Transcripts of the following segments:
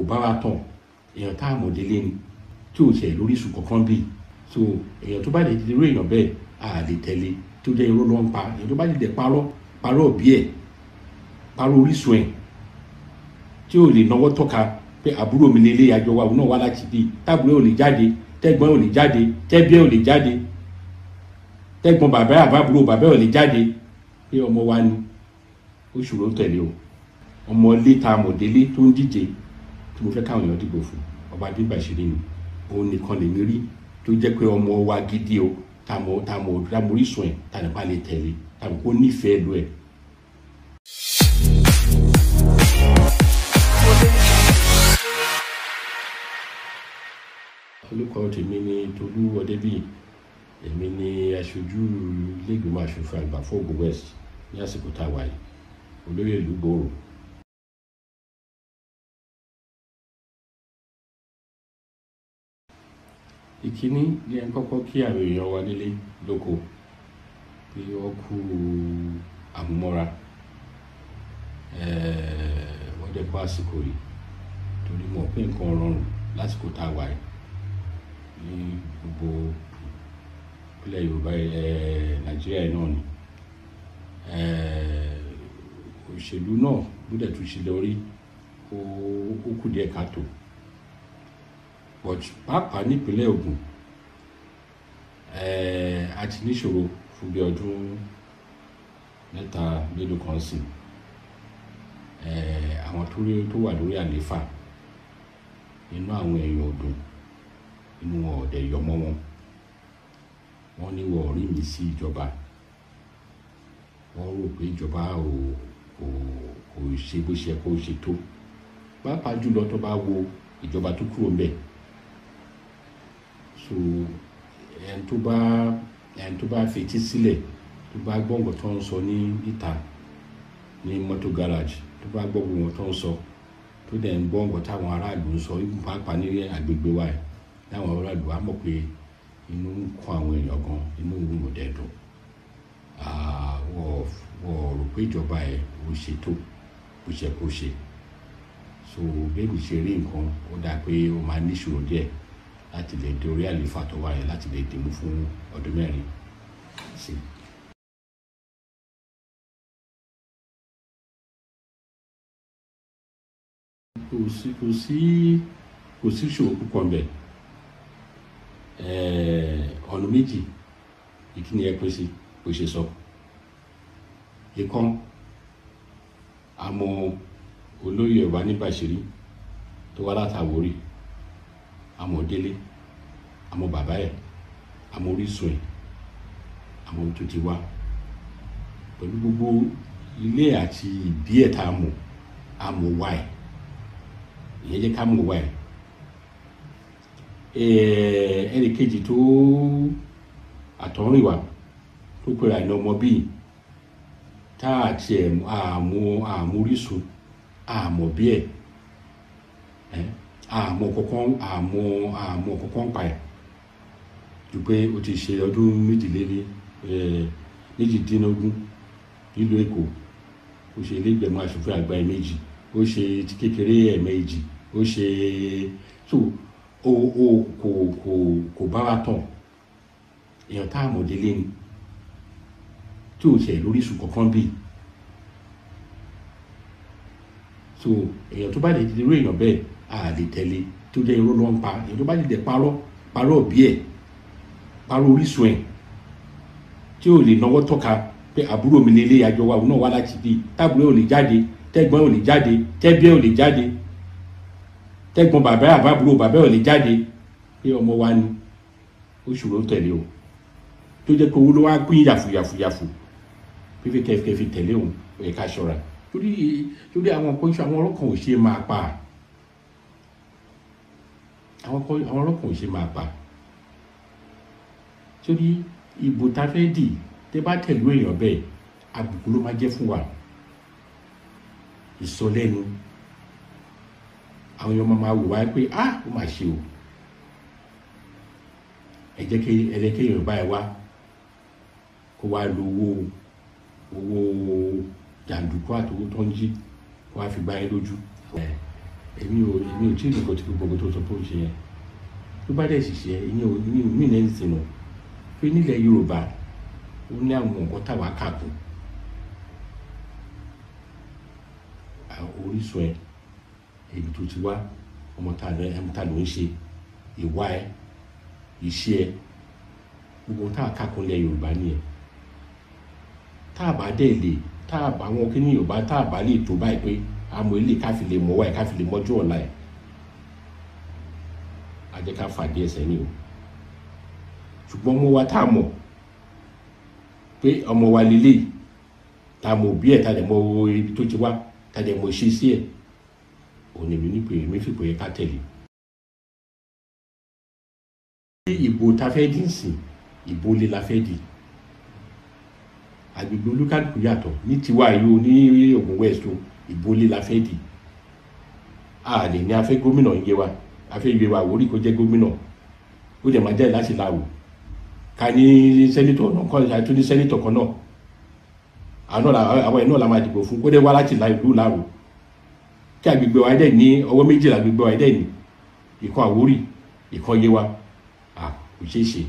kò bá wa tàn èèyàn tá a mọ̀ délé ni tí ò tiẹ̀ lórí sùn kankan bíi so èèyàn tó bá lè dirú èèyàn bẹ́ẹ̀ a lè tẹ̀lé tó jẹ́ irọ́ ló ń pa èèyàn tó bá lè dẹ̀ parọ́ parọ́ òbí ẹ̀ parọ́ orísun ẹ̀ tí ò lè náwó tọ́ka pé àbúrò mi lè lé àjọ wa òun náà wá láti bí tábùrẹ́ ò lè jáde tẹ́gbọ́n ò lè jáde tẹ́bí ò lè jáde tẹ́gbọ́n bàbá àbábúrò bàbá ò lè jáde pé ọmọ wa ni ó ṣòro tẹ̀lé o ọmọ ilé ta mọ̀délé tó ń díje tí mo fẹ́ káwọn èèyàn dìbò fún ọba adébà ìṣeré ni òun nìkan lèmi rí tó jẹ́ pé ọmọ wa gidi o tàmọ̀ tàmọ̀ tàmọ̀ orísun ẹ̀ tànípa lè tẹ̀lé tàbí kó nífẹ̀ẹ́ lu ẹ̀ orúkọ tèmi ni tolú ọdẹbí èmi ni aṣojú ilégbèmọ aṣòfin àgbà fún Ògùn west ní àsìkò tá a wà yìí olóyè ìlú gbòòrò ìkíní jẹ́ kọ́kọ́ kí àwọn èèyàn wa nílé lóko pé wọ́n kú àmúmọ́ra wọ́n dẹ̀ kó àsìkò yìí torí mọ̀ pé nǹkan rọrùn lásìkò tá a wà yìí ní gbogbo ilẹ̀ Yorùbá Nàìjíríà náà ni òṣèlú náà bó dẹ̀ tún ṣe lọ ó kù díẹ̀ káàtó but pàápàá nípínlẹ̀ Ògùn eh, a ti níṣòro fún bí ọdún mẹ́ta mélòó kan sìn eh, àwọn tó wà lórí àlééfà inú àwọn èèyàn ọdún inú wọn ọdẹ yọmọ wọn wọn ní wọn rí mi sí ìjọba wọn rò pé ìjọba ò kò kò ṣe bó ṣe kó ṣe tó pàápàá jùlọ tó bá wo ìjọba tó kúrò mbẹ so eh, ẹni tó bá ẹni tó bá fetí sílẹ̀ tó bá gbọ́ tó ń sọ ní ìta ní mọ́tò garage tó bá gbọ́ gbogbo nǹkan tó ń sọ tó dẹ̀ ń gbọ́ nǹkan táwọn aráàlú ń sọ ibùn pàápàá ní agbègbè wa yìí láwọn aráàlú á mọ̀ pé inú ń kún àwọn èèyàn gan inú ń wò dẹ́dùn wọ́n rò pé ìjọba ẹ̀ ò ṣètò bó ṣe kó ṣe so bébì ṣe rí nǹkan ó dáa pé ó máa níṣòro díẹ̀ láti lè di orí àlééfà tó wà yẹn láti lè dìmú fún ọdún mẹ́rin sí i. kò sí kò sí kò sí ìṣòro púpọ̀ ńbẹ̀ ọ̀nà méjì ìkíni ẹ pín sí bó ṣe sọ ìkan àmọ́ olóyè ẹ̀wà nígbà ṣeré tó wá látàwórí àmọ́ délé àmọ́ bàbá ẹ̀ àmọ́ orísun ẹ̀ àmọ́ tó ti wá pẹ̀lú gbogbo ilé àti ìbí ẹ̀ tá a mọ̀ àmọ́ wá ẹ̀ ìyẹn jẹ́ ká mọ̀ wá ẹ̀ ẹnì kejì tó àtọ̀rìnwá tó pera ẹ̀ ní ọmọ bíi tá a tiẹ̀ àmọ́ àmọ́ orísun àmọ́ bí ẹ̀ àmọ́ kankan àmọ́ àmọ́ kankan pa ju pé ó ti ṣe ọdún méjìléní méjìdínlógún nílùú èkó ó ṣe ilé ìgbẹ̀mọ̀ àgbà ẹ̀ méjì ó ṣe ti kékeré ẹ̀ méjì ó ṣe so o o kò kò kò bá tàn èèyàn tá a délé ni tí ò ṣe lóríṣun kankan bíi so èèyàn tó bá lè dirú èèyàn bẹ́ẹ̀ a lè tẹ̀lé tó jẹ́ irọ́ ló ń pa èèyàn tó bá lè dẹ̀ parọ́ parọ́ òbí ẹ̀ parọ́ orísun ẹ̀ tí ò lè náwó tọ́ka pé àbúrò mi lè lé àjọ wa òun náà wá láti bí tábùrẹ́ ò lè jáde tẹ́gbọ́n ò lè jáde tẹ́bí ò lè jáde tẹ́gbọ́n bàbá àbábúrò bàbá ò lè jáde pé ọmọ wa ni ó ṣòro ń tẹ̀lé o tó jẹ́ pé owó ló wá pín yàfùyàfùyàfù pípé kẹfì kẹfì tẹ̀lé òun ẹ̀ ṣọ́ra torí torí àwọn kan àwọn ọlọ́kàn ò ṣe máa pa àwọn kan àwọn ọlọ́kàn ò ṣe máa pa torí ìbò tá fẹ́ dì tẹ́ bá tẹ̀lú èèyàn bẹ́ẹ̀ àbùkù ló máa jẹ́ fún wa ìsọlẹ́nu àwọn ọmọ máa wò wá pé a ó máa ṣe o ẹ jẹ́ kí ẹ jẹ́ kí wá kó wá lo owó owó jàǹdùkú àtòwó tó ń jí wọ́n fi gbá yín lójú. èmi ò èmi ò tí ì nìkan tí gbogbo tó sọ pé ó ṣe yẹn tó bá dẹ̀ sì ṣe ìyẹn ò ní mí lẹ́yìn sínú pé nílẹ̀ Yorùbá ó ní àwọn nǹkan táwa kàkó orísun ẹ èyí tó ti wá ọmọ ta ló ń ṣe ìwà ẹ iṣẹ́ ẹ gbogbo táwa kàkó nílẹ̀ Yorùbá nìyẹn tá a bá dẹ̀ lè tá a bá wọn kí ní yorùbá tá a bá lè tó báyìí pé àmọ́ ilé káfí lè mọ wáyé káfí lè mọjú ọ̀la ẹ̀ àjẹká fàdí ẹsẹ̀ ni o ṣùgbọ́n ọmọ wa tá a mọ̀ pé ọmọ wa lélẹ̀ tá a mọ̀ bí ẹ̀ tá a dẹ̀ mọ̀ ibi tó ti wá tá a dẹ̀ mọ̀ ṣe sí ẹ̀ òun èmi nípe èmi fìpò yẹ ká tẹ̀lé. ìbò tá fẹ́ dì í ìbò lè la fẹ́ dì àgbègbè olúkàlùkù yàtọ̀ ní tiwa yìí ní Ògùn west o ìbólé la fẹ́ dì a lè ní afẹ́ gómìnà yé wa afẹ́ ìwé wa wòrí kó jẹ́ gómìnà ó jẹ̀ máa jáde láti láwò ká ní sẹ́nitọ̀ náà kọ́ àti ní sẹ́nitọ̀ kan náà àwọn iná la máa dìbò fún kó dé wá láti ìlú láwò kí àgbègbè wa dẹ̀ ní ọwọ́ méjìlá àgbègbè wa dẹ̀ ní ìkan àwórì ìkan yé wa kò ṣeé ṣe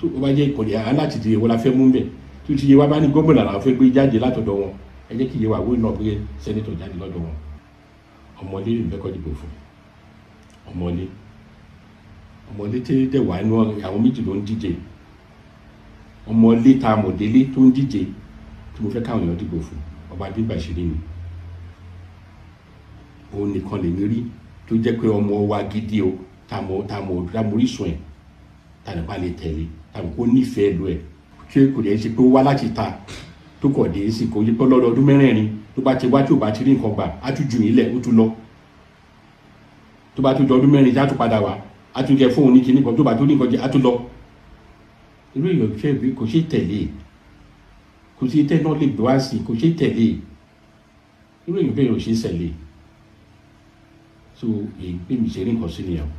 tó o bá jẹ́ ìkọ̀lẹ̀ aláàtìdìrẹ̀ wọ́n la fẹ́ mú bẹ́ẹ̀ tó ti bá ní gómìnà làwọn fẹ́ gbé jáde látọ̀dọ̀ wọn ẹ jẹ́ kí yé wa wíwọ́n gbé sẹ́nitọ̀ jáde lọ́dọ̀ wọn ọmọlé ìbẹ́kọ̀ dìbò fún ọmọlé ọmọlé tí dẹ̀ wá inú àwọn méjì ló ń díje ọmọlé ta mọ̀délé tó ń díje tí mo fẹ́ káwọn èèyàn dìbò fún ọba Adébàṣíré ni òun nìkan lèmi rí tó jẹ́ pé ọmọ wa gidi o tá mo tá mo rí sùn ẹ̀ nípa lè tẹ̀lé tàbí kó nífẹ̀ẹ́ lu ẹ̀ ṣé kò dẹ̀ ṣe pé ó wá láti ta tó kọ̀ dé sí kò yí pé lọ́dọọdún mẹ́rẹ̀ẹ̀rin tó bá ti wá tí ò bá ti rí nǹkan gbà á tún jù nílẹ̀ ó tún lọ tó bá tún dọdún mẹ́rin á tún padà wá á tún jẹ fóun ní kinní tó bá tún ní jẹ á tún lọ irú èèyàn bí kò ṣe tẹ̀lé kò sí tẹ́ náà lè gbọ́ àsìn kò ṣe tẹ̀lé irú èèyàn ò ṣe sẹ̀lé so èyí pé mi ṣe rí nǹkan sí nìyàwó.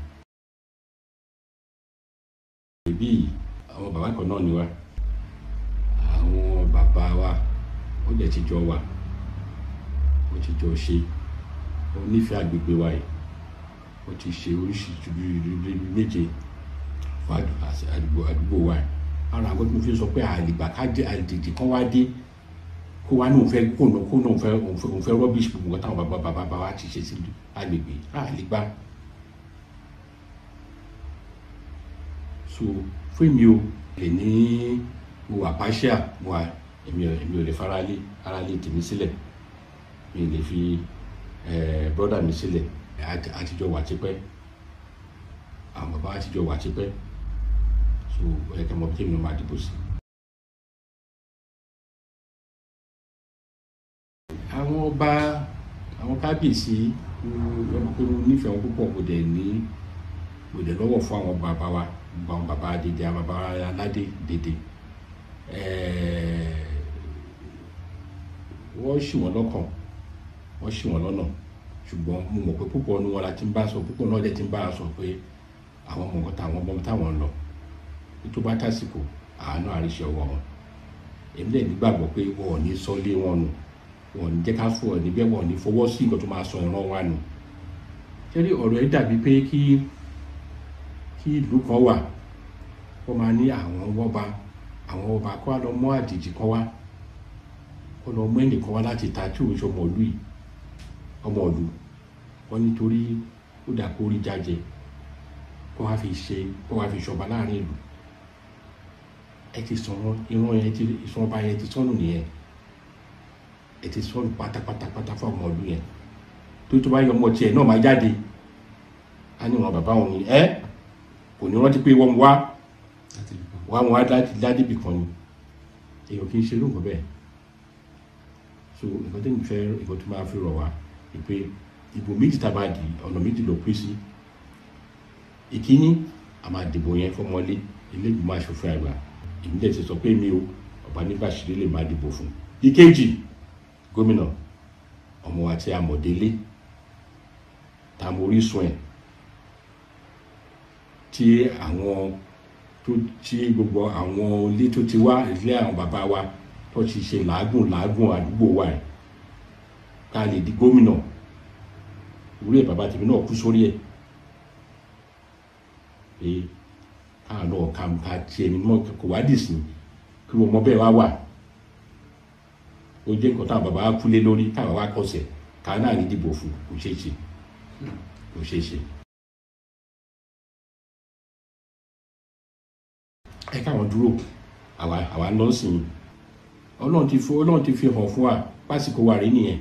ìbí àwọn bàbá kan náà ni wá àwọn bàbá wa ó dẹ̀ ti jọ wà ó ti jọ ṣe ó nífẹ̀ẹ́ àgbègbè wa yìí ó ti ṣe oríṣiríṣi méje àdúgbò wa yìí ara àwọn tó fi sọ pé àlìgbà ká àdìdì kan wá dé kó wá ní òun fẹ́ kó náà kó náà òun fẹ́ òun gbogbo táwọn bàbá bàbá wa ti ṣe sí àgbègbè àlìgbà. so fún mi o lè ní mo wà partial mo wà èmi ò èmi ò lè fara lé ara lè tèmi sílẹ̀ mi lè fi broda mi sílẹ̀ àtijọ́ wà tipẹ́ àwọn bàbá àtijọ́ wà tipẹ́ so ẹ̀ka mọ̀ bí tèmi ló máa dìbò sí. àwọn ọba àwọn kábíyèsí ọmọkúrú nífẹ̀ẹ́ wọn púpọ̀ kò dẹ̀ ní kò dẹ̀ lọ́wọ́ fún àwọn bàbá wa àwọn bàbá dèdè àwọn bàbá aládé dèdè. Eh, wọ́n ṣì wọ́n lọ́kàn wọ́n ṣì wọ́n lọ́nà ṣùgbọ́n mo mọ̀ pé púpọ̀ nu wọn la ti ń bá sọ púpọ̀ náà dẹ̀ ti ń bá a sọ pé àwọn ọmọ táwọn ọmọ táwọn ń lọ tó bá tásìkò àánú àríṣẹ ọwọ́ wọn èmi lè nígbàgbọ́ pé wọn ò ní sọ lé wọn nù wọn ò ní jẹ́ ká fún ọ níbẹ̀ wọn ò ní fọwọ́ sí nǹkan tó máa sọ ìran wa nù ṣẹ́rí ọ̀rọ̀ ẹ̀ dàbí pé kí kí ìlú kan wà wọ́n máa ní àwọn wọ́ba àwọn ọba kó wa lọ mú àjèjì kan wá kó lọ mú ẹnìkan wá láti ta tí òun ṣe ọmọ ìlú yìí ọmọ ìlú wọn nítorí ó dà kó rí jájẹ kó wá fi ṣe kó wá fi ṣọba láàrin ìlú ẹ ti sọ̀rọ̀ irun yẹn ti ìsọba yẹn ti sọnù nìyẹn ẹ ti sọnù pátápátápátá fún ọmọ ìlú yẹn tó tó bá yọ ọmọ tiẹ̀ náà máa jáde á ní wọn bàbá òun ni ẹ kò ní rántí pé wọn wá wọ́n á wọn á ládìbì kan ni èèyàn kì í ṣe lóògùn bẹ́ẹ̀ so nǹkan tó ń fẹ́ nǹkan tó máa fi rọ̀ wá ni pé ìbò méjì tá a máa dì ọ̀nà méjì ló pín sí ìkíní a máa dìbò yẹn fọmọlé iléègbìmọ̀ aṣòfin àgbà èmi dẹ̀ ti sọ pé mi ò ọba nígbà ṣeré lè máa dìbò fún ìkejì gómìnà ọmọ wa tí a mọ̀ délé tá a mọ ẹ̀ tí àwọn tó tí gbogbo àwọn ilé tó ti wá ilé àwọn bàbá wa tó ti ṣe làágùn làágùn àdúgbò wa yìí ká lè di gómìnà orí ẹ̀ bàbá tèmi náà kú sórí ẹ̀ pé ká lọ ká ká tiẹ̀ nínú kò wá dì sí kí wọ́n mọ bẹ́ẹ̀ wá wà ó jẹ́ nǹkan táwọn bàbá wa kúlé lórí táwọn wa kọsẹ̀ ká náà ní dìbò fún kò ṣeé ṣe kò ṣeé ṣe. ẹ káwọn dúró àwa àwa lọ sí i ọlọ́run ti fi ọlọ́run ti fi hàn fún wa pásìkò wa rí nìyẹn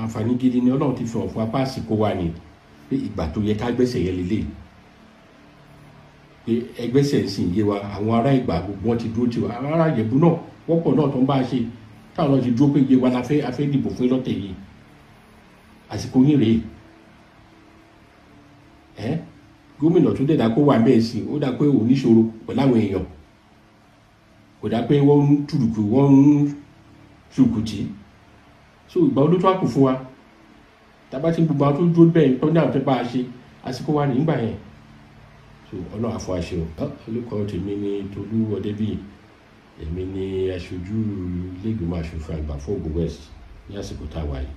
àǹfààní gidi ni ọlọ́run ti fi hàn fún wa pásìkò wa ni pé ìgbà tó yẹ ká gbẹ́sẹ̀ yẹn lélẹ̀ pé ẹgbẹ́sẹ̀ sì ń yé wa àwọn ará ìgbà gbogbo wọn ti dúró tiwa àwọn ará ìyẹ̀bù náà wọ́pọ̀ náà tó ń bá a ṣe táwọn náà ti dúró pé iye wa la fẹ́ afẹ́ dìbò fún lọ́tẹ̀ yìí àsìkò yín rèé ẹ́ gómìnà tó dẹ̀dá pé wà bẹ́ẹ̀ sí ó dá pé òun níṣòro pẹ̀lú àwọn èèyàn kò dá pé wọ́n ń tùrùkù wọ́n ń tùrùkùtì so ìgbà olótó àkù fún wa tábà tí gbogbo àwọn tó dúró bẹ́ẹ̀ tó ní àwọn fẹ́ bá a ṣe àsìkò wa nígbà yẹn so ọlọ́run àfọ àṣẹ o olùkọ́ tèmi ni Tolú Ọdẹ́bíyì èmi ni aṣojú iléègbèmọ̀ aṣòfin àgbà fún Ògùn West ní àsìkò tá a wà yìí.